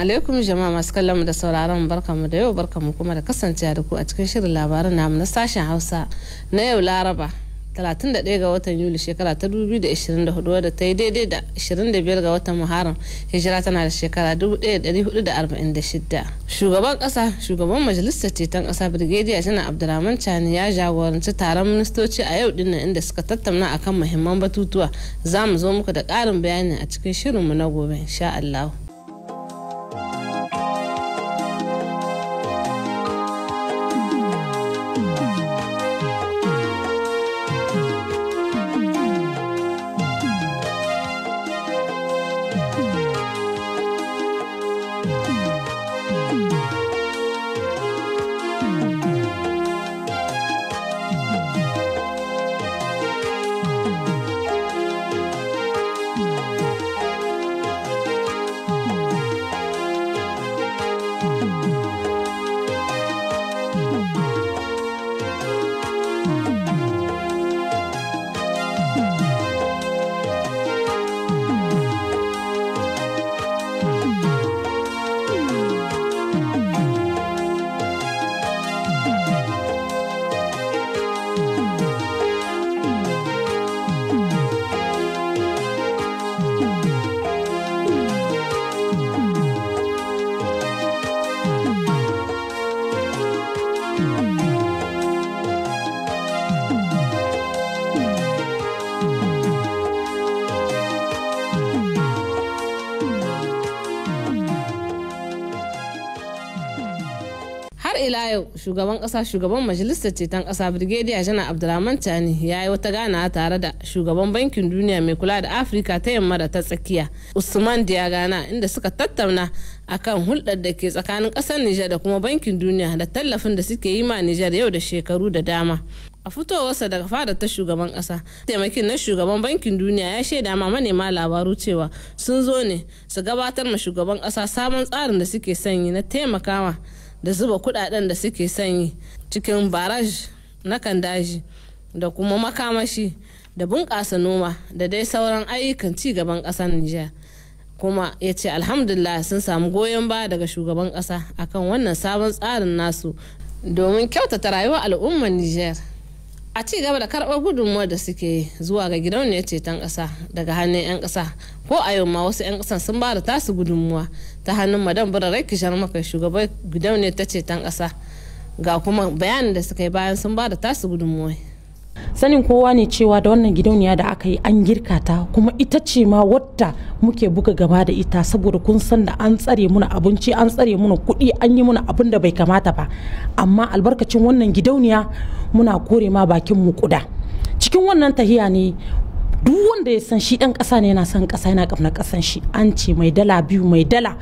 alaikum jama'a masu kallon mu da sauraron barkamu da yau barkamu kuma da kasancewa da ku a cikin shirin labaran namu na sashen Hausa na yau Laraba 31 ga watan Yuli shekara ta 2024 wadda ta yi daidai da 25 ga watan Muharram hijira tana da shekara 1446. Shugaban kasa shugaban majalisar ceton kasa Birgediya tana Abdulrahman Chani ya jagoranci taron ministoci a yau dinnan inda suka tattauna akan muhimman batutuwa za mu zo muku da karin bayani a cikin shirinmu na gobe insha Allah. Dayo shugaban kasa shugaban majalisar ceton kasa birgediya jana abdulrahman tani ya yi wata ganawa tare da shugaban bankin duniya mai kula da afirka ta yamma da ta tsakiya usman diagana inda suka tattauna akan hulɗar da ke tsakanin ƙasar nijar da kuma bankin duniya da tallafin da suke yi ma nijar yau da shekaru da dama a fitowarsa daga fadar ta shugaban kasa taimakin na shugaban bankin duniya ya shaida ma manema labaru cewa sun zo ne su gabatar ma shugaban kasa sabon tsarin da suke sanyi na taimakawa da zuba kudaden da suke sanyi cikin baraj na kan daji da kuma makamashi da bunƙasa noma da dai sauran ayyukan ci gaban ƙasar Nijar. kuma ya ce alhamdulillah sun samu goyon ba daga shugaban ƙasa akan wannan sabon tsarin nasu domin kyautata rayuwar al'ummar Nijar. a ci gaba da karɓar gudunmuwar da suke zuwa ga gidauniyar ceton ƙasa daga hannun 'yan ƙasa ko a yau ma wasu 'yan ƙasan sun ba da tasu gudunmuwa ta hannun madan birarai kishar maka shugaban gidauniyar ta ceton ƙasa ga kuma bayanin da suka yi bayan sun ba da tasu gudunmuwa sanin kowa ne cewa da wannan gidauniya da aka yi an girka ta kuma ita ce ma wadda muke buga gaba da ita saboda kun san da an tsare muna abinci an tsare muna kuɗi an yi muna abin da bai kamata ba amma albarkacin wannan gidauniya muna kore ma bakin mu kuda cikin wannan tahiya ne duk wanda ya san shi dan kasa ne yana san kasa yana kafna kasan shi an ce mai dala biyu mai dala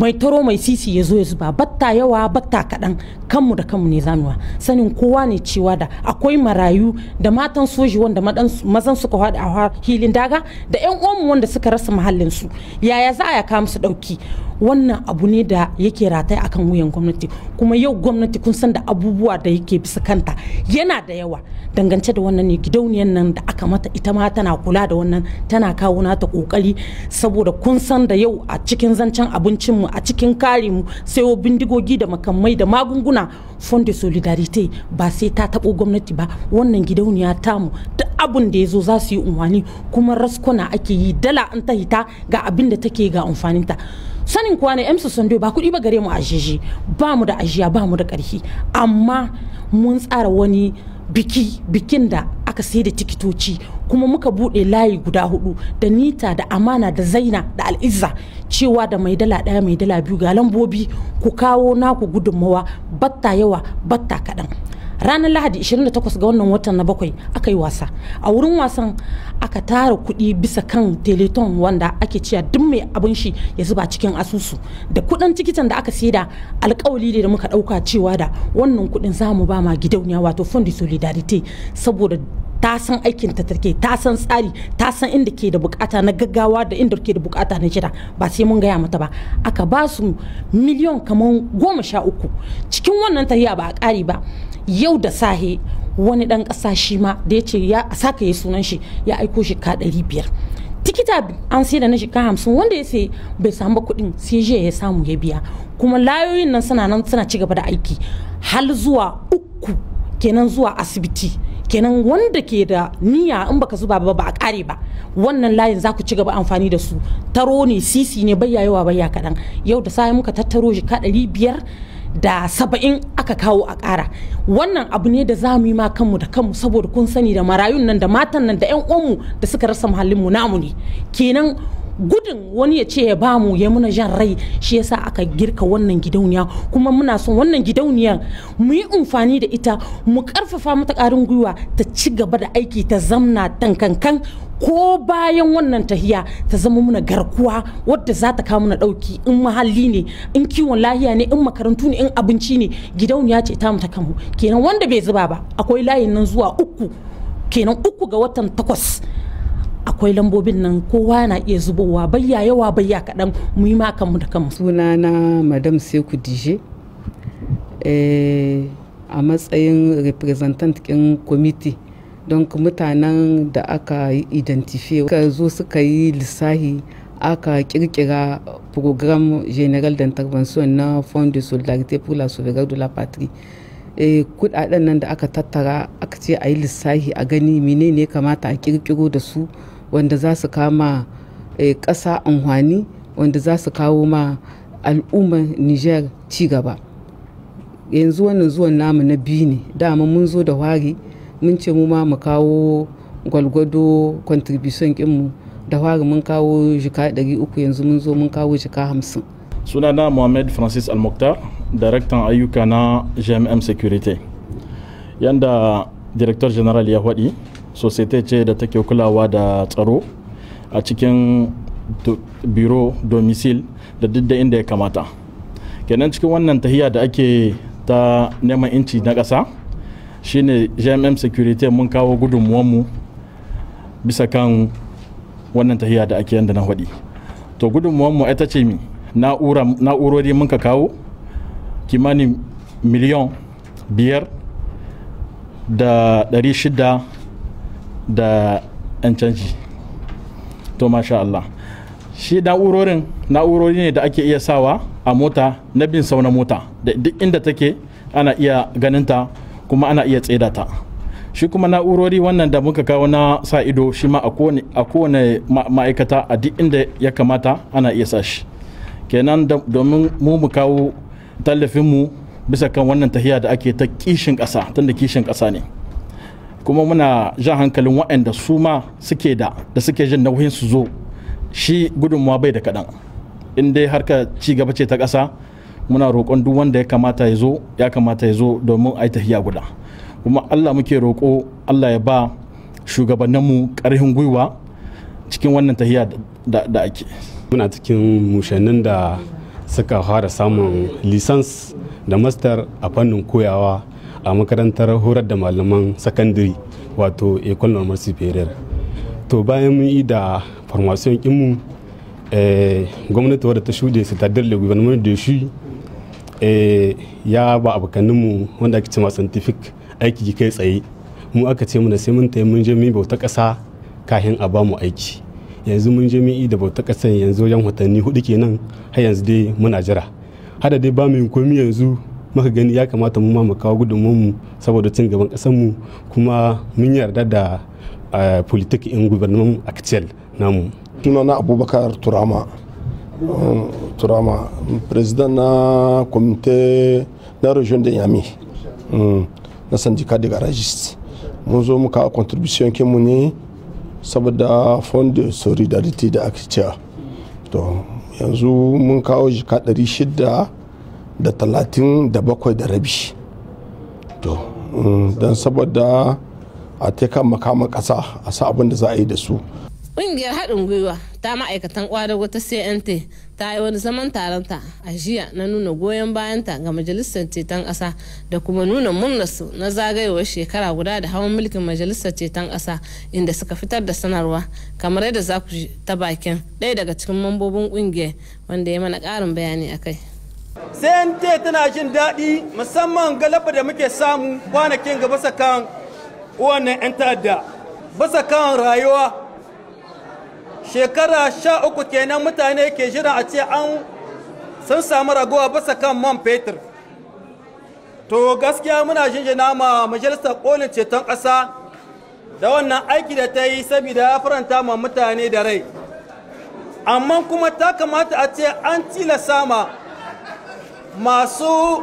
mai taro mai sisi ya zo ya zuba batta yawa batta kaɗan kanmu da kanmu ne zamuwa sanin kowa ne cewa da akwai marayu da matan soji wanda mazan suka haɗa a hilin daga da 'yan uwanmu wanda suka rasa mahallinsu yaya za a ya kawo musu ɗauki wannan abu ne da yake ratai akan wuyan gwamnati kuma yau gwamnati kun san da abubuwa da yake bisa kanta yana da yawa dangance da wannan ne gidauniyar nan da aka mata ita ma tana kula da wannan tana kawo nata kokari saboda kun san da yau a cikin zancen abincin mu a cikin kare mu wa bindigogi da makamai da magunguna fond de solidarite ba sai ta tabo gwamnati ba wannan gidauniya ta mu abin da yazo zo za su yi unwani kuma raskona ake yi dala an ta hita ga abin da take ga amfaninta sanin kuwa ne emsu sun ba kuɗi ba gare mu ajiji ba mu da ajiya ba mu da ƙarfi amma mun tsara wani biki bikin da aka sai da tikitoci kuma muka buɗe layi guda hudu da nita da amana da zaina da al'izza cewa da mai dala ɗaya mai dala biyu ga lambobi ku kawo naku gudunmawa batta yawa batta kaɗan ranar lahadi 28 ga wannan watan na bakwai aka yi wasa a wurin wasan aka tara kuɗi bisa kan teleton wanda ake cewa duk mai abin shi ya zuba cikin asusu da kuɗin tikitan da aka saida alkawali ne da muka ɗauka cewa da wannan kuɗin za mu ba ma gidauniya wato fondi solidarity saboda ta san aikin ta take ta san tsari ta san inda ke da bukata na gaggawa da inda ke da bukata na jira ba sai mun gaya mata ba aka ba su miliyon kamar goma sha uku cikin wannan tarihi ba a ƙari ba yau da sahe wani dan ƙasa shi ma da ya ce ya saka ya sunan shi ya aiko shi ka ɗari biyar tikita an sai da na shika hamsin wanda ya sai bai samu kuɗin sai jiya ya samu ya biya kuma layoyin nan suna nan suna ci gaba da aiki hal zuwa uku kenan zuwa asibiti kenan wanda ke da niyya in baka zuba ba ba a kare ba wannan layin za ku ci gaba amfani da su taro ne sisi ne bayya yawa bayya kaɗan yau da sai muka tattaro shi ka ɗari biyar da saba'in aka kawo a ƙara wannan abu ne da za mu yi ma kanmu da kanmu saboda kun sani da marayun nan da matan nan da 'yan uwanmu da suka rasa muhallinmu namu ne kenan gudun wani ya ce ya ba mu ya muna jan rai shi yasa aka girka wannan gidauniya kuma muna son wannan gidauniyar mu yi amfani da ita mu karfafa mata karin gwiwa ta ci gaba da aiki ta zamna tankankan ko bayan wannan tahiya ta zama muna garkuwa wadda za ta kawo muna dauki in mahalli ne in kiwon lahiya ne in makarantu ne in abinci ne gidauniya ce ta mu ta kanmu kenan wanda bai zuba ba akwai layin nan zuwa uku kenan uku ga watan takwas akwai lambobin nan kowa na iya zubowa bayya yawa bayya kaɗan mu yi kanmu da kanmu sunana madam seku dije eh, a matsayin representant kin committee don mutanen da aka identifiye ka zo suka yi lissahi aka kirkira program general d'intervention na fond de solidarité pour la sauvegarde de la patrie e, eh, kudaden nan da aka tattara aka ce a yi lissahi a gani menene kamata a kirkiro da su wanda za su kama eh, ƙasa anhwani wanda za su kawo ma al'ummar niger ci gaba yanzu wannan zuwan namu na biyu ne dama mun zo da wari mun ce mu ma mu kawo gwalgwado contribution mu da fara mun kawo jika 300 yanzu mun zo mun kawo jika 50 sunana mohamed francis almoktar daraktan ayyuka na gmm security yanda director general ya faɗi societe ce da take kulawa da tsaro a cikin biro domicil da duk da inda ya kamata kenan cikin wannan tahiya da ake ta neman inci na ƙasa shine jmm security mun kawo mu bisa kan wannan tahiya da ake yanda na hudi to mu ita ce mi na'urori mun ka kawo kimanin miliyan biyar da ɗari shida da 'yan canji to masha Allah shi na'urorin na'urori ne da ake iya sawa a mota na bin sau na mota da duk inda take ana iya ganin ta. kuma ana iya tseda ta shi kuma na'urori wannan da muka kawo na sa ido shi ma a kowane ma'aikata a duk inda ya kamata ana iya sa shi kenan domin mu mu kawo tallafinmu bisa kan wannan tahiya da ake ta kishin ƙasa tunda kishin ƙasa ne kuma muna jan hankalin waɗanda su ma suke da da suke jin nauyin su zo shi gudunmuwa bai da kaɗan in dai harka ci gaba ce ta ƙasa muna roƙon duk wanda ya kamata ya zo ya kamata ya zo domin a yi tahiya guda kuma allah muke roƙo allah ya ba shugabanninmu ƙarfin gwiwa cikin wannan tahiya da ake muna cikin mushannin da suka fara samun lisans da mastar a fannin koyawa a makarantar horar da malaman sakandare wato ecole normal superior to bayan mun yi da formation kinmu eh, gwamnati wadda ta shuɗe su tadar da gwamnati da shi Eh, ya ba abokaninmu wanda ake cewa scientific aiki kai tsaye mu aka ce muna sai mun tayi mun je mu bauta ƙasa kafin a ba mu aiki yanzu mun je mu da bauta ƙasa yanzu wajen watanni hudu kenan har yanzu dai muna jira hada dai ba mu yin komi yanzu muka gani ya kamata mu ma mu kawo mu saboda cin gaban ƙasar mu kuma mun yarda da eh, politik in gubernamen actual namu sunana abubakar turama Euh, turama president na comité na region de yami euh, na syndicat de garagiste mun zo muka contribution kinmu ne saboda fond de solidarity da ake cewa to yanzu mun kawo jika 600 da talatin da bakwai da rabi to don saboda a taika makaman ƙasa a sa abin da za a yi da su ƙungiyar haɗin gwiwa ta ma'aikatan kwadago ta cnt ta yi wani zaman taronta a jiya na nuna goyon bayanta ga majalisar ceton ƙasa da kuma nuna murnarsu na zagayowar shekara guda da hawan mulkin majalisar ceton kasa inda suka fitar da sanarwa kamar yadda za ku ta bakin ɗaya daga cikin mambobin ƙungiyar wanda ya mana ƙarin bayani a kai cnt tana jin daɗi musamman galaba da muke samu kwanakin ga basa kan wannan 'yan ta'adda basa kan rayuwa shekara sha uku kenan mutane ke jira a ce an sun samu ragowa basa kan man fetur to gaskiya muna jinjina ma majalisar kolin ceton ƙasa da wannan aiki da ta yi saboda ya faranta ma mutane da rai amma kuma ta kamata a ce an tilasa ma masu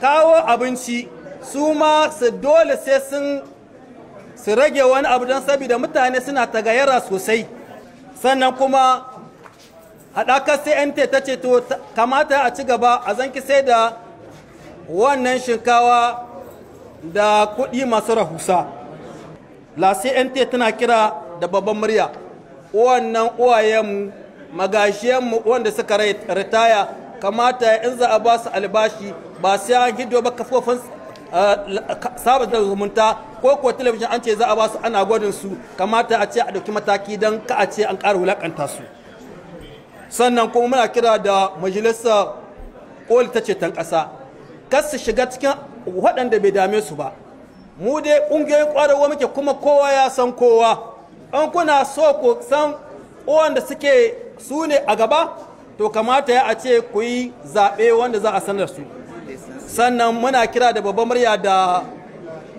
kawo abinci su ma su dole sai sun su rage wani abu don saboda mutane suna tagayyara sosai sannan kuma haɗakar cmt ta ce to kamata a ci gaba a zanki sai da wannan shinkawa da kuɗi masu rahusa la cmt tana kira da babban murya wannan uwayenmu magashiyanmu wanda suka ritaya kamata in za a ba su albashi ba sai an hido ba kafofin eh, sabon zumunta ko ko talabijin an ce za a ba su ana gwadin su kamata a ce a ɗauki mataki don ka a ce an ƙara wulaƙanta su sannan kuma muna kira da majalisa koli ta ce tan ƙasa kas su shiga cikin waɗanda bai dame su ba mu dai ƙungiyoyin ƙwararwa muke kuma kowa ya san kowa an kuna so ku san wanda suke su ne a gaba to kamata ya a ce ku yi zaɓe wanda za a sanar su sannan muna kira da babbar murya da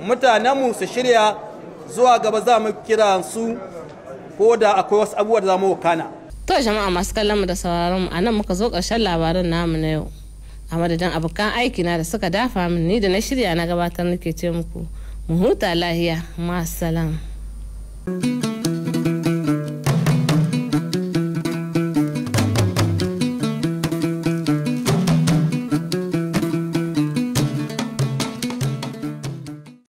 mutanenmu su shirya zuwa gaba za mu kira su ko da akwai wasu abubuwa da za mu kana. To jama'a masu kallon mu da sauraron mu a nan muka zo ƙarshen labarin namu na yau. A madadin abokan aiki na da suka dafa min ni da na shirya na gabatar nake ce muku mu huta lahiya ma salam.